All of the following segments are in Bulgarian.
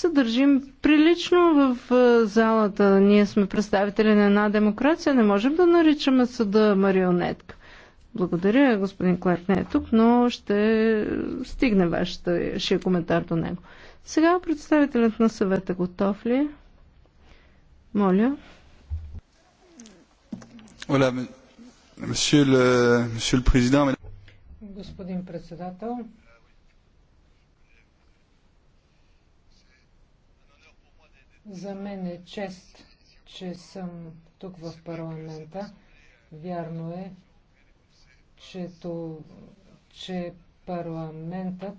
се държим прилично в залата. Ние сме представители на една демокрация. Не можем да наричаме съда марионетка. Благодаря, господин Клерк не е тук, но ще стигне вашия е коментар до него. Сега представителят на съвета готов ли? Е? Моля. Оля, Господин председател, За мен е чест, че съм тук в парламента. Вярно е, че, то, че парламентът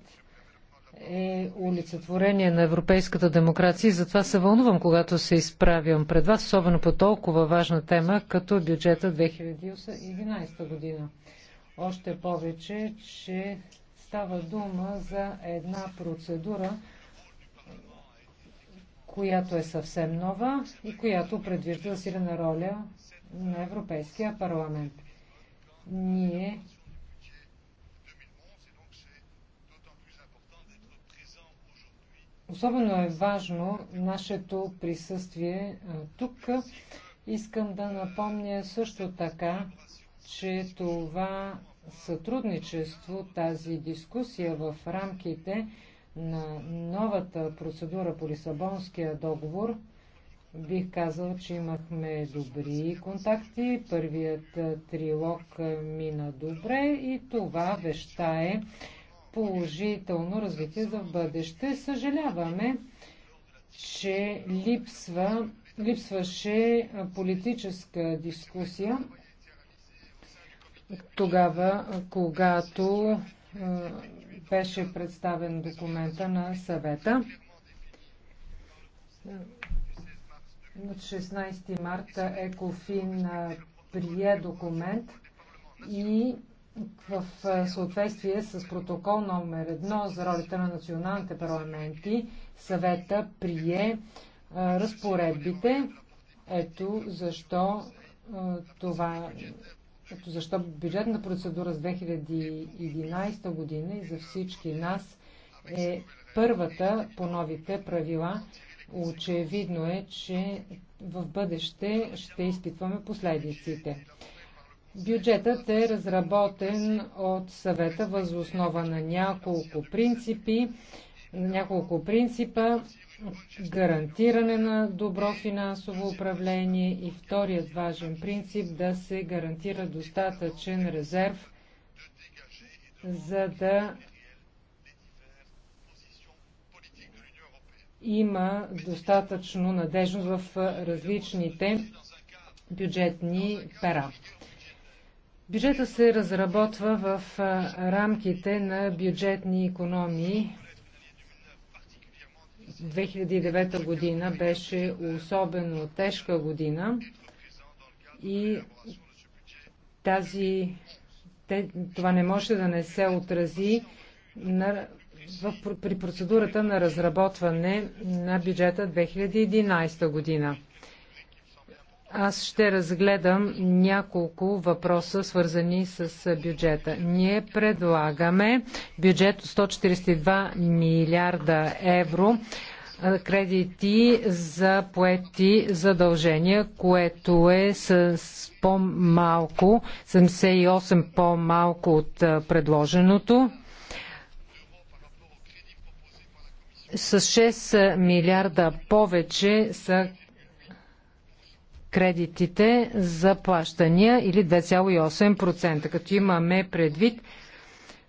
е олицетворение на европейската демокрация и затова се вълнувам, когато се изправям пред вас, особено по толкова важна тема, като бюджета 2011 година. Още повече, че става дума за една процедура, която е съвсем нова и която предвижда силена роля на Европейския парламент. Ние Особено е важно нашето присъствие тук. Искам да напомня също така, че това сътрудничество, тази дискусия в рамките на новата процедура по Лисабонския договор, бих казал, че имахме добри контакти. Първият трилог мина добре и това веща е положително развитие за в бъдеще. Съжаляваме, че липсва, липсваше политическа дискусия тогава, когато е, беше представен документа на съвета. На 16 марта Екофин е, прие документ и в е, съответствие с протокол номер 1 за ролята на националните парламенти, съвета прие разпоредбите. Ето защо това ето защо бюджетна процедура с 2011 година и за всички нас е първата по новите правила. Очевидно е, че в бъдеще ще изпитваме последиците. Бюджетът е разработен от съвета възоснова на няколко принципи няколко принципа гарантиране на добро финансово управление и вторият важен принцип да се гарантира достатъчен резерв, за да има достатъчно надежност в различните бюджетни пера. Бюджета се разработва в рамките на бюджетни економии 2009 година беше особено тежка година и тази, те, това не може да не се отрази на, в, при процедурата на разработване на бюджета 2011 година. Аз ще разгледам няколко въпроса, свързани с бюджета. Ние предлагаме бюджет 142 милиарда евро кредити за поети задължения, което е с по-малко, 78 по-малко от предложеното. С 6 милиарда повече са кредитите за плащания или 2,8%, като имаме предвид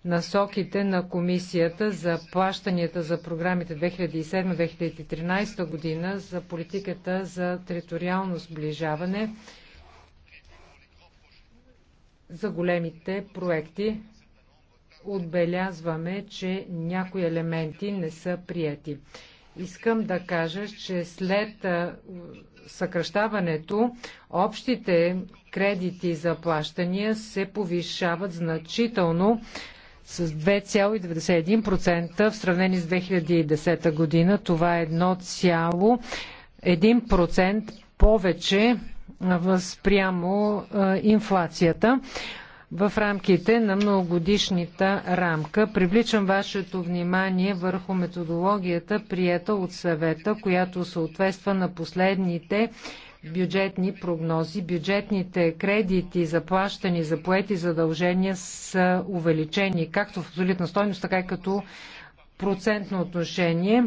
насоките на комисията за плащанията за програмите 2007-2013 година за политиката за териториално сближаване за големите проекти. Отбелязваме, че някои елементи не са прияти. Искам да кажа, че след съкръщаването общите кредити за плащания се повишават значително с 2,91% в сравнение с 2010 година. Това е 1,1% повече спрямо инфлацията в рамките на многогодишната рамка. Привличам вашето внимание върху методологията, приета от съвета, която съответства на последните бюджетни прогнози, бюджетните кредити заплащани за поети задължения са увеличени, както в абсолютна стойност, така и като процентно отношение.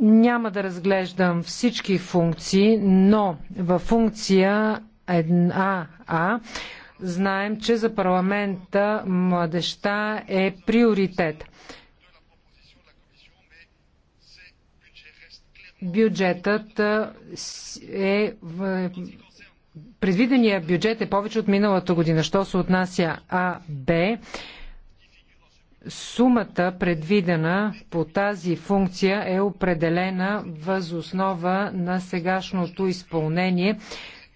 Няма да разглеждам всички функции, но във функция 1А знаем, че за парламента младеща е приоритет. бюджетът е предвидения бюджет е повече от миналата година. Що се отнася А, Б, сумата предвидена по тази функция е определена възоснова на сегашното изпълнение,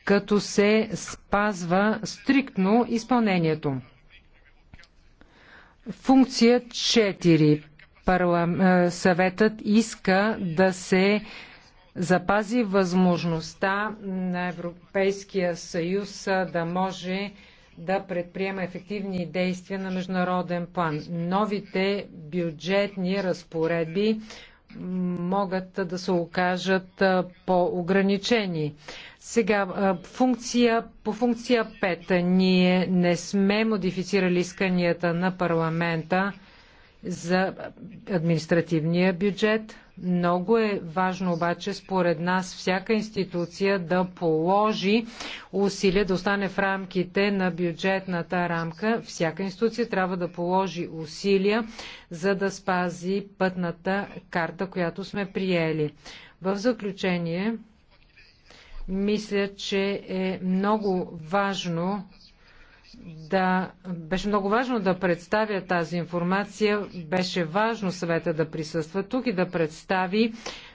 като се спазва стриктно изпълнението. Функция 4. Е, съветът иска да се запази възможността на Европейския съюз е, да може да предприема ефективни действия на международен план. Новите бюджетни разпоредби могат да се окажат е, по-ограничени. Сега, функция, по функция 5 ние не сме модифицирали исканията на парламента за административния бюджет. Много е важно обаче, според нас, всяка институция да положи усилия да остане в рамките на бюджетната рамка. Всяка институция трябва да положи усилия, за да спази пътната карта, която сме приели. В заключение, мисля, че е много важно да... Беше много важно да представя тази информация. Беше важно съвета да присъства тук и да представи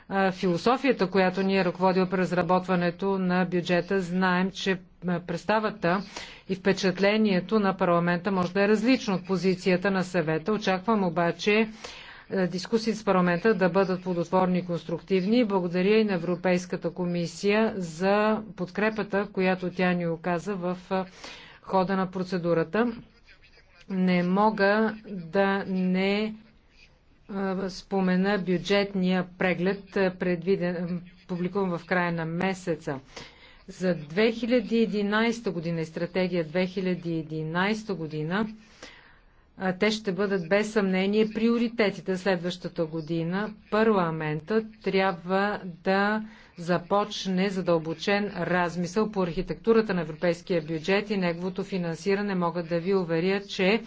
а, философията, която ни е ръководила при разработването на бюджета. Знаем, че представата и впечатлението на парламента може да е различно от позицията на съвета. Очаквам обаче дискусии с парламента да бъдат плодотворни и конструктивни. Благодаря и на Европейската комисия за подкрепата, която тя ни оказа в хода на процедурата. Не мога да не спомена бюджетния преглед, предвиден, публикуван в края на месеца. За 2011 година и стратегия 2011 година те ще бъдат без съмнение приоритетите следващата година. Парламентът трябва да започне задълбочен размисъл по архитектурата на европейския бюджет и неговото финансиране. Мога да ви уверя, че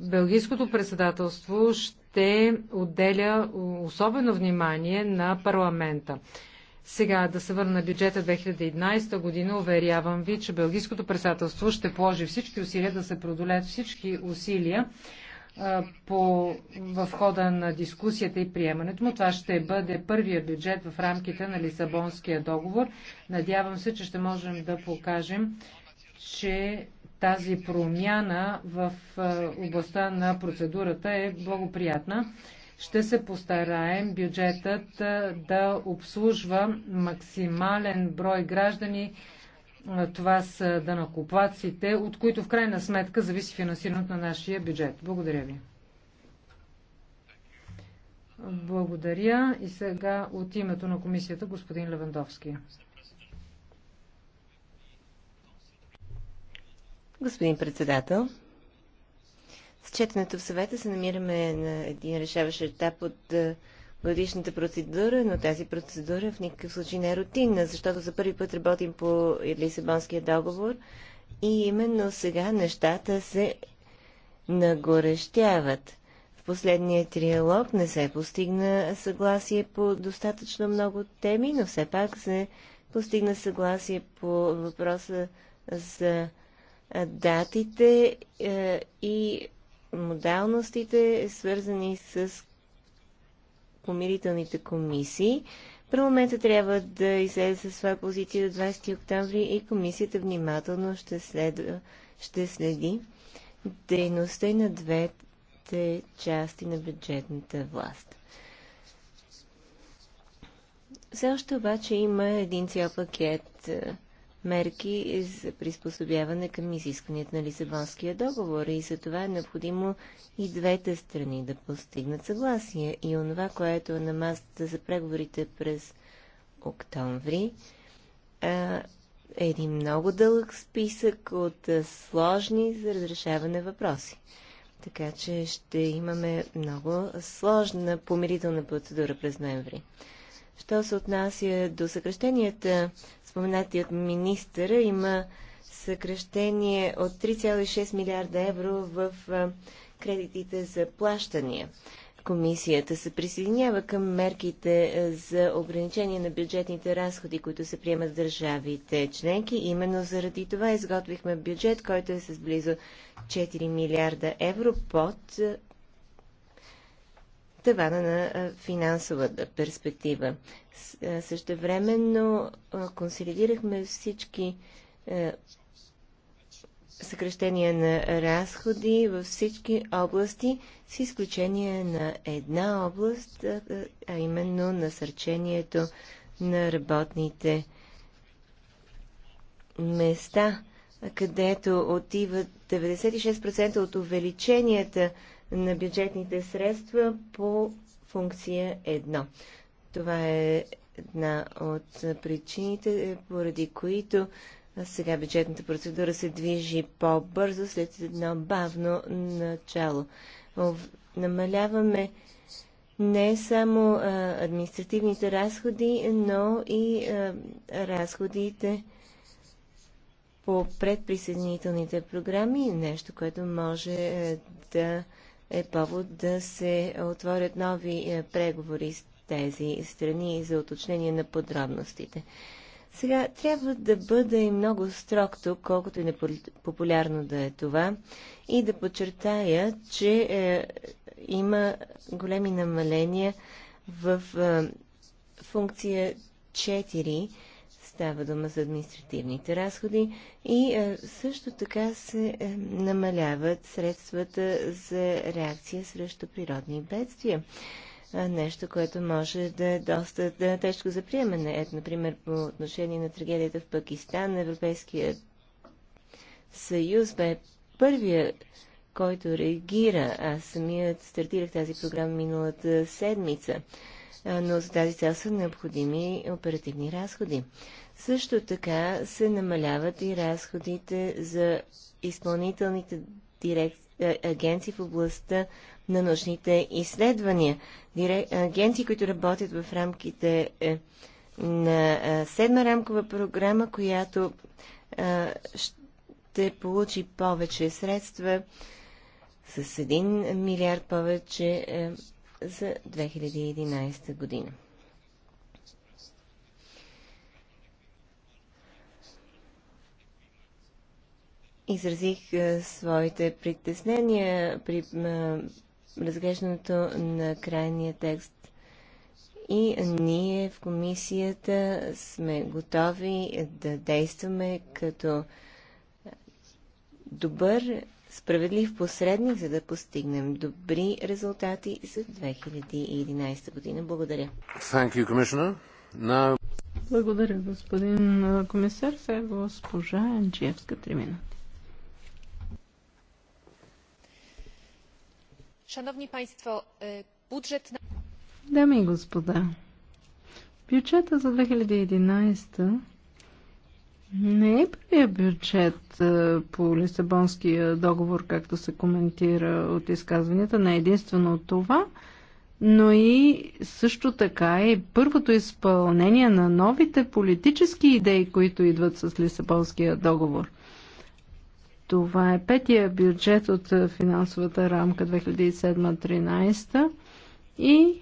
Белгийското председателство ще отделя особено внимание на парламента. Сега да се върна бюджета 2011 година, уверявам ви, че Белгийското председателство ще положи всички усилия да се преодолеят всички усилия по, в хода на дискусията и приемането му. Това ще бъде първия бюджет в рамките на Лисабонския договор. Надявам се, че ще можем да покажем, че тази промяна в областта на процедурата е благоприятна ще се постараем бюджетът да обслужва максимален брой граждани. Това са данакоплаците, от които в крайна сметка зависи финансирането на нашия бюджет. Благодаря ви. Благодаря. И сега от името на комисията господин Левандовски. Господин председател, с четенето в съвета се намираме на един решаващ етап от годишната процедура, но тази процедура в никакъв случай не е рутинна, защото за първи път работим по Лисабонския договор и именно сега нещата се нагорещяват. В последния триалог не се постигна съгласие по достатъчно много теми, но все пак се постигна съгласие по въпроса за датите и модалностите, свързани с помирителните комисии. Парламентът трябва да излезе със своя позиция до 20 октомври и комисията внимателно ще, следва, ще следи дейността и на двете части на бюджетната власт. Все още обаче има един цял пакет мерки за приспособяване към изискванията на Лисабонския договор и за това е необходимо и двете страни да постигнат съгласие. И онова, което е на масата за преговорите през октомври, е един много дълъг списък от сложни за разрешаване въпроси. Така че ще имаме много сложна помирителна процедура през ноември. Що се отнася до съкръщенията, споменати от министъра, има съкръщение от 3,6 милиарда евро в кредитите за плащания. Комисията се присъединява към мерките за ограничение на бюджетните разходи, които се приемат в държавите членки. Именно заради това изготвихме бюджет, който е с близо 4 милиарда евро под тавана на финансовата перспектива. Същевременно консолидирахме всички съкръщения на разходи във всички области, с изключение на една област, а именно насърчението на работните места, където отиват 96% от увеличенията на бюджетните средства по функция 1. Това е една от причините, поради които сега бюджетната процедура се движи по-бързо след едно бавно начало. Намаляваме не само административните разходи, но и разходите по предприсъединителните програми, нещо, което може е, да е повод да се отворят нови е, преговори с тези страни за уточнение на подробностите. Сега трябва да бъда и много строг тук, колкото и непопулярно да е това, и да подчертая, че е, има големи намаления в е, функция 4 Става дума за административните разходи и е, също така се е, намаляват средствата за реакция срещу природни бедствия. Е, нещо, което може да е доста да, тежко за приемане. Ето, например, по отношение на трагедията в Пакистан, Европейския съюз бе първия, който реагира. Аз самият стартирах тази програма миналата седмица но за тази цел са необходими оперативни разходи. Също така се намаляват и разходите за изпълнителните директ... агенции в областта на научните изследвания. Директ... Агенции, които работят в рамките е, на седма рамкова програма, която ще получи повече средства с 1 милиард повече е, за 2011 година. Изразих е, своите притеснения при е, разглеждането на крайния текст и ние в комисията сме готови да действаме като добър справедлив посредник, за да постигнем добри резултати за 2011 година. Благодаря. Thank you, Commissioner. Now... Благодаря, господин комисар. Сега госпожа Анджиевска, три минути. Шановни państwo, е, бюджет на... Дами и господа, бюджета за 2011 година не е първия бюджет по Лисабонския договор, както се коментира от изказванията, не е единствено от това, но и също така е първото изпълнение на новите политически идеи, които идват с Лисабонския договор. Това е петия бюджет от финансовата рамка 2007-2013 и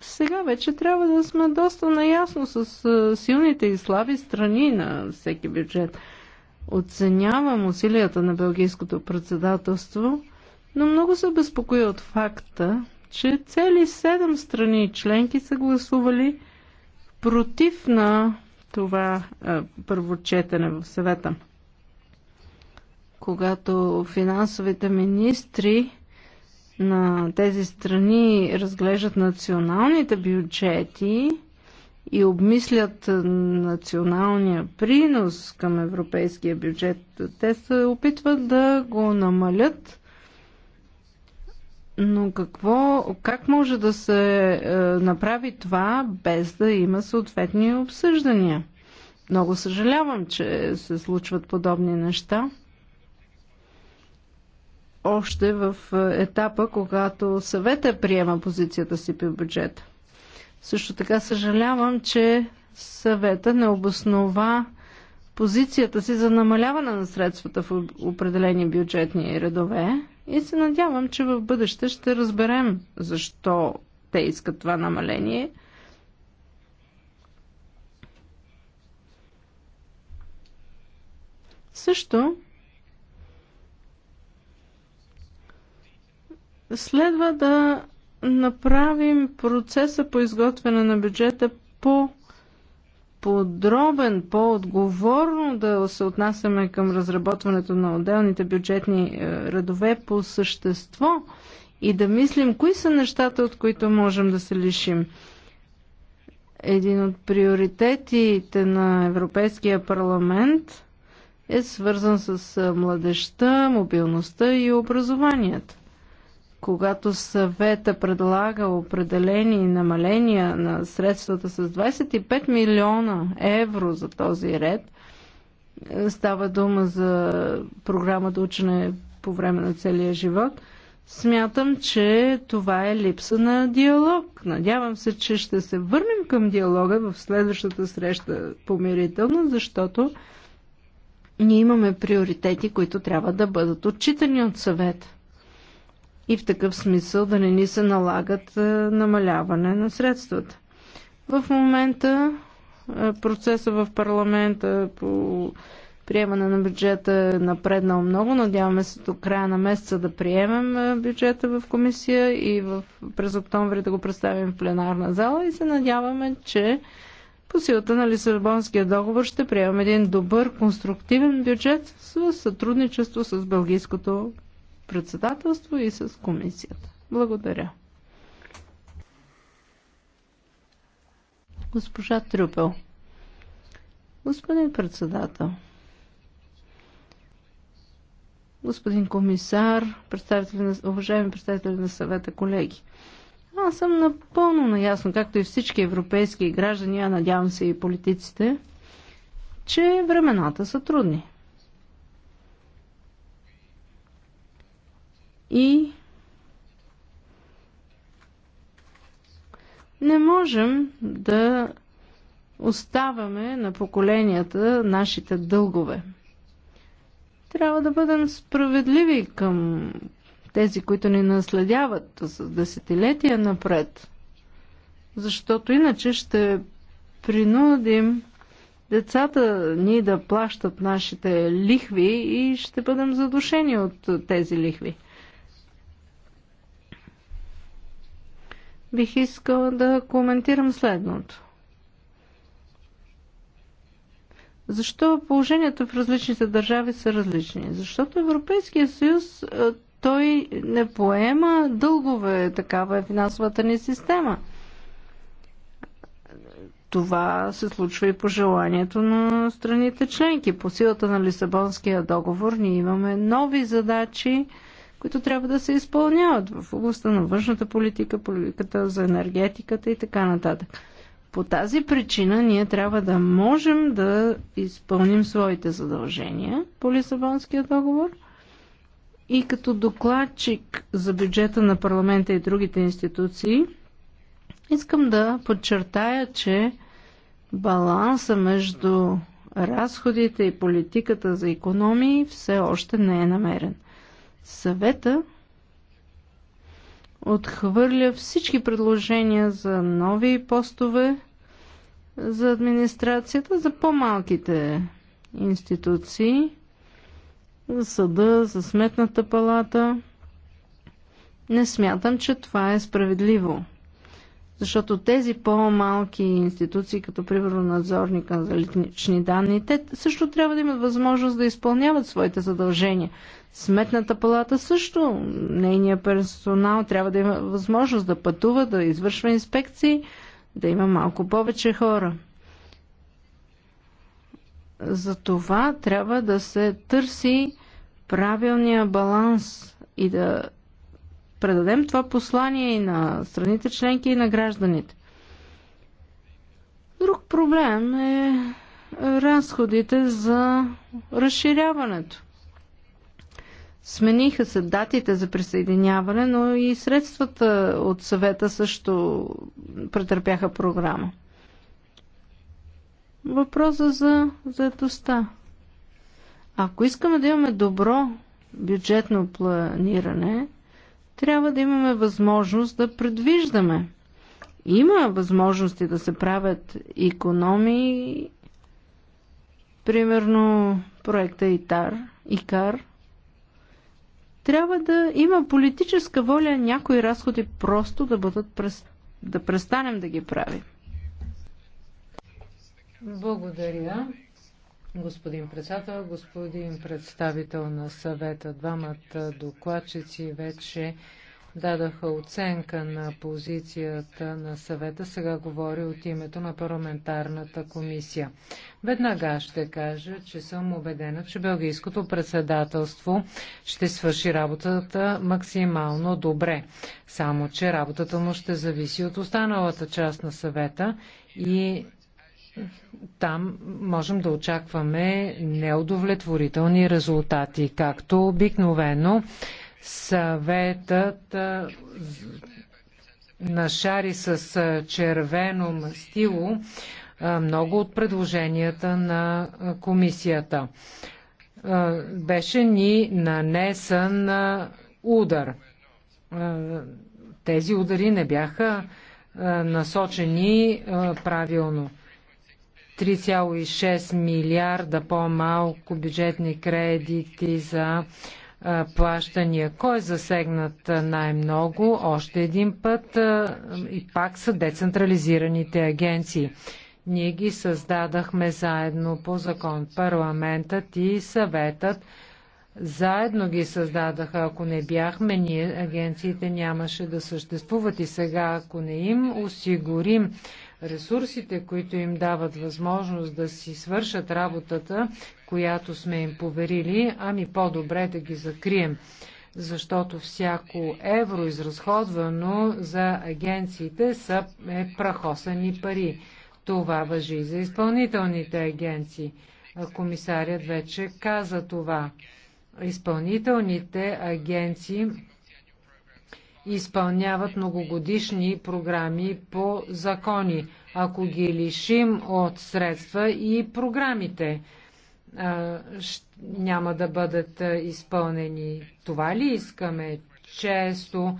сега вече трябва да сме доста наясно с силните и слаби страни на всеки бюджет. Оценявам усилията на Белгийското председателство, но много се безпокоя от факта, че цели седем страни членки са гласували против на това е, в съвета. Когато финансовите министри на тези страни разглеждат националните бюджети и обмислят националния принос към европейския бюджет, те се опитват да го намалят. Но какво, как може да се е, направи това без да има съответни обсъждания? Много съжалявам, че се случват подобни неща още в е, етапа, когато съвета приема позицията си по бюджета. Също така съжалявам, че съвета не обоснова позицията си за намаляване на средствата в определени бюджетни редове и се надявам, че в бъдеще ще разберем защо те искат това намаление. Също Следва да направим процеса по изготвяне на бюджета по подробен, по-отговорно да се отнасяме към разработването на отделните бюджетни е, редове по същество и да мислим кои са нещата, от които можем да се лишим. Един от приоритетите на Европейския парламент е свързан с е, младеща, мобилността и образованието когато съвета предлага определени намаления на средствата с 25 милиона евро за този ред, става дума за програмата учене по време на целия живот, смятам, че това е липса на диалог. Надявам се, че ще се върнем към диалога в следващата среща помирително, защото ние имаме приоритети, които трябва да бъдат отчитани от съвета и в такъв смисъл да не ни се налагат намаляване на средствата. В момента процеса в парламента по приемане на бюджета е напреднал много. Надяваме се до края на месеца да приемем бюджета в комисия и в, през октомври да го представим в пленарна зала и се надяваме, че по силата на Лисабонския договор ще приемем един добър, конструктивен бюджет с сътрудничество с Бългийското председателство и с комисията. Благодаря. Госпожа Трюпел. Господин председател. Господин комисар, представители на, уважаеми представители на съвета, колеги. Аз съм напълно наясно, както и всички европейски граждани, а надявам се и политиците, че времената са трудни. и не можем да оставаме на поколенията нашите дългове. Трябва да бъдем справедливи към тези, които ни наследяват с десетилетия напред, защото иначе ще принудим децата ни да плащат нашите лихви и ще бъдем задушени от тези лихви. бих искала да коментирам следното. Защо положението в различните държави са различни? Защото Европейския съюз е, той не поема дългове, такава е финансовата ни система. Това се случва и по желанието на страните членки. По силата на Лисабонския договор ние имаме нови задачи които трябва да се изпълняват в областта на външната политика, политиката за енергетиката и така нататък. По тази причина ние трябва да можем да изпълним своите задължения по Лисабонския договор и като докладчик за бюджета на парламента и другите институции искам да подчертая, че баланса между разходите и политиката за економии все още не е намерен. Съвета отхвърля всички предложения за нови постове за администрацията, за по-малките институции, за съда, за сметната палата. Не смятам, че това е справедливо. Защото тези по-малки институции, като примерно надзорника за лични данни, те също трябва да имат възможност да изпълняват своите задължения. Сметната палата също, нейният персонал трябва да има възможност да пътува, да извършва инспекции, да има малко повече хора. За това трябва да се търси правилния баланс и да предадем това послание и на страните членки и на гражданите. Друг проблем е разходите за разширяването. Смениха се датите за присъединяване, но и средствата от съвета също претърпяха програма. Въпроса за заедостта. Ако искаме да имаме добро бюджетно планиране, трябва да имаме възможност да предвиждаме. Има възможности да се правят економии, примерно проекта ИТАР, ИКАР. Трябва да има политическа воля някои разходи просто да бъдат през... да престанем да ги правим. Благодаря. Господин председател, господин представител на съвета, двамата докладчици вече дадаха оценка на позицията на съвета, сега говори от името на парламентарната комисия. Веднага ще кажа, че съм убедена, че Белгийското председателство ще свърши работата максимално добре. Само, че работата му ще зависи от останалата част на съвета и там можем да очакваме неудовлетворителни резултати, както обикновено съветът нашари с червено мастило много от предложенията на комисията. Беше ни нанесен удар. Тези удари не бяха насочени правилно. 3,6 милиарда по-малко бюджетни кредити за плащания. Кой е засегнат най-много? Още един път и пак са децентрализираните агенции. Ние ги създадахме заедно по закон. Парламентът и съветът заедно ги създадаха. Ако не бяхме ние, агенциите нямаше да съществуват. И сега, ако не им осигурим ресурсите, които им дават възможност да си свършат работата, която сме им поверили, ами по-добре да ги закрием. Защото всяко евро, изразходвано за агенциите, са е прахосани пари. Това въжи и за изпълнителните агенции. Комисарят вече каза това. Изпълнителните агенции изпълняват многогодишни програми по закони. Ако ги лишим от средства и програмите няма да бъдат изпълнени. Това ли искаме? Често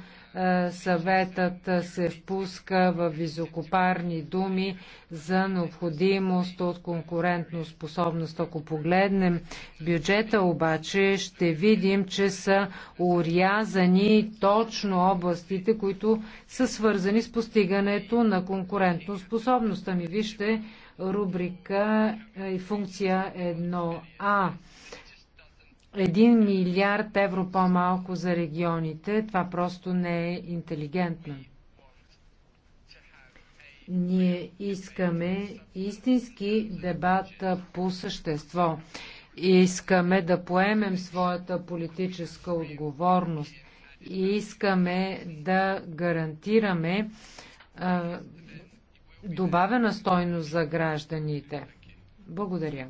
съветът се впуска в визокопарни думи за необходимост от конкурентно способност. Ако погледнем бюджета обаче, ще видим, че са урязани точно областите, които са свързани с постигането на конкурентно способността. Ми вижте рубрика и функция 1А 1 милиард евро по-малко за регионите, това просто не е интелигентно. Ние искаме истински дебат по същество. Искаме да поемем своята политическа отговорност. И искаме да гарантираме а, добавена стойност за гражданите. Благодаря.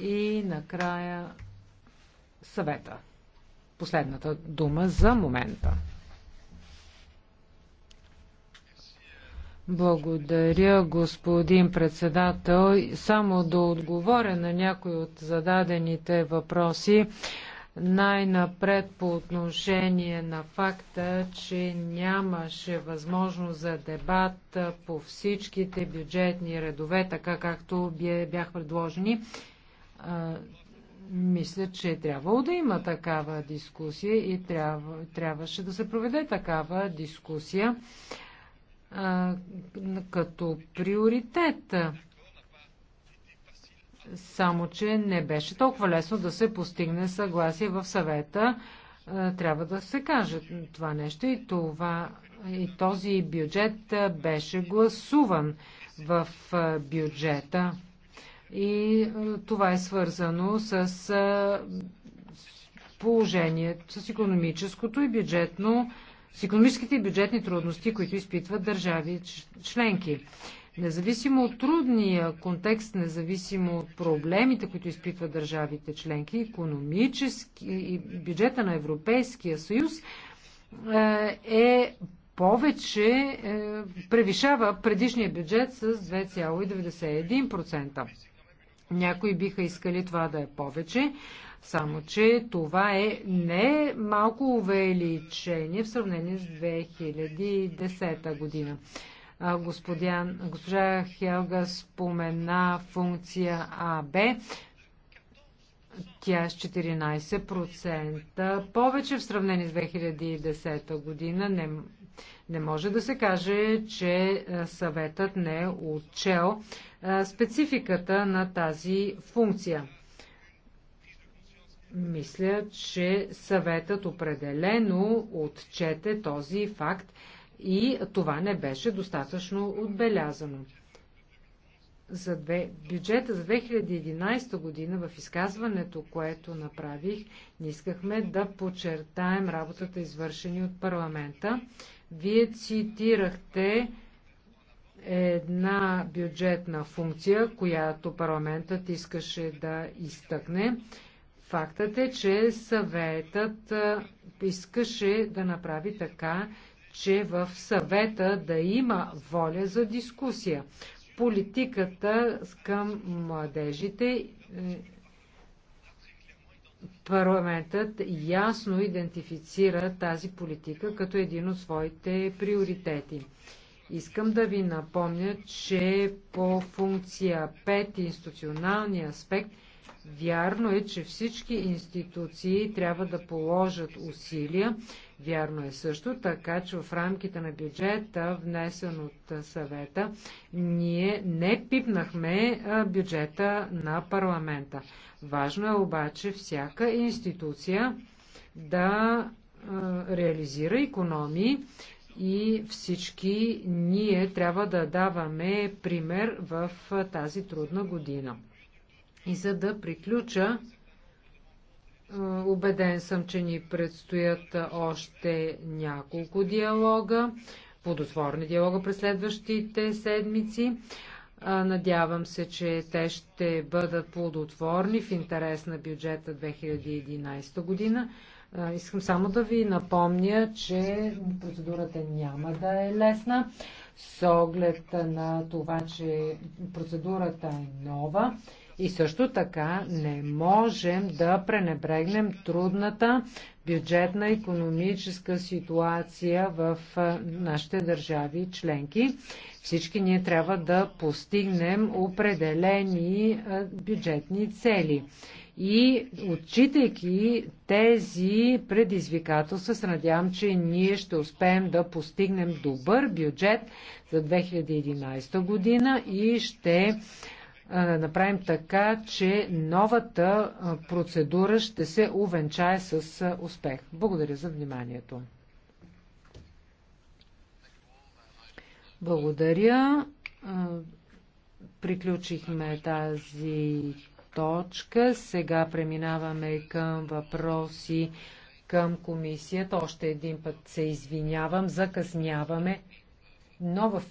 И накрая съвета. Последната дума за момента. Благодаря, господин председател. Само да отговоря на някои от зададените въпроси. Най-напред по отношение на факта, че нямаше възможност за дебат по всичките бюджетни редове, така както бях предложени мисля, че е трябвало да има такава дискусия и трябва, трябваше да се проведе такава дискусия а, като приоритет. Само, че не беше толкова лесно да се постигне съгласие в съвета. А, трябва да се каже това нещо и, това, и този бюджет беше гласуван в бюджета. И е, това е свързано с е, положението, с економическото и бюджетно, с економическите и бюджетни трудности, които изпитват държави членки. Независимо от трудния контекст, независимо от проблемите, които изпитват държавите членки, економически и бюджета на Европейския съюз е, е повече е, превишава предишния бюджет с 2,91%. Някои биха искали това да е повече, само че това е не малко увеличение в сравнение с 2010 година. Господин, госпожа Хелга спомена функция АБ. Тя е с 14% повече в сравнение с 2010 година. Не, не може да се каже, че съветът не е отчел спецификата на тази функция. Мисля, че съветът определено отчете този факт и това не беше достатъчно отбелязано. За две, бюджета за 2011 година в изказването, което направих, не искахме да подчертаем работата, извършени от парламента. Вие цитирахте една бюджетна функция, която парламентът искаше да изтъкне. Фактът е, че съветът искаше да направи така, че в съвета да има воля за дискусия. Политиката към младежите е, парламентът ясно идентифицира тази политика като един от своите приоритети. Искам да ви напомня, че по функция 5 институционалния аспект Вярно е, че всички институции трябва да положат усилия. Вярно е също така, че в рамките на бюджета, внесен от съвета, ние не пипнахме бюджета на парламента. Важно е обаче всяка институция да реализира економии и всички ние трябва да даваме пример в тази трудна година. И за да приключа, убеден съм, че ни предстоят още няколко диалога, плодотворни диалога през следващите седмици. Надявам се, че те ще бъдат плодотворни в интерес на бюджета 2011 година. Искам само да ви напомня, че процедурата няма да е лесна с оглед на това, че процедурата е нова и също така не можем да пренебрегнем трудната бюджетна економическа ситуация в нашите държави и членки. Всички ние трябва да постигнем определени бюджетни цели. И отчитайки тези предизвикателства, се надявам, че ние ще успеем да постигнем добър бюджет за 2011 година и ще направим така, че новата процедура ще се увенчае с успех. Благодаря за вниманието. Благодаря. Приключихме тази точка. Сега преминаваме към въпроси към комисията. Още един път се извинявам, закъсняваме, но в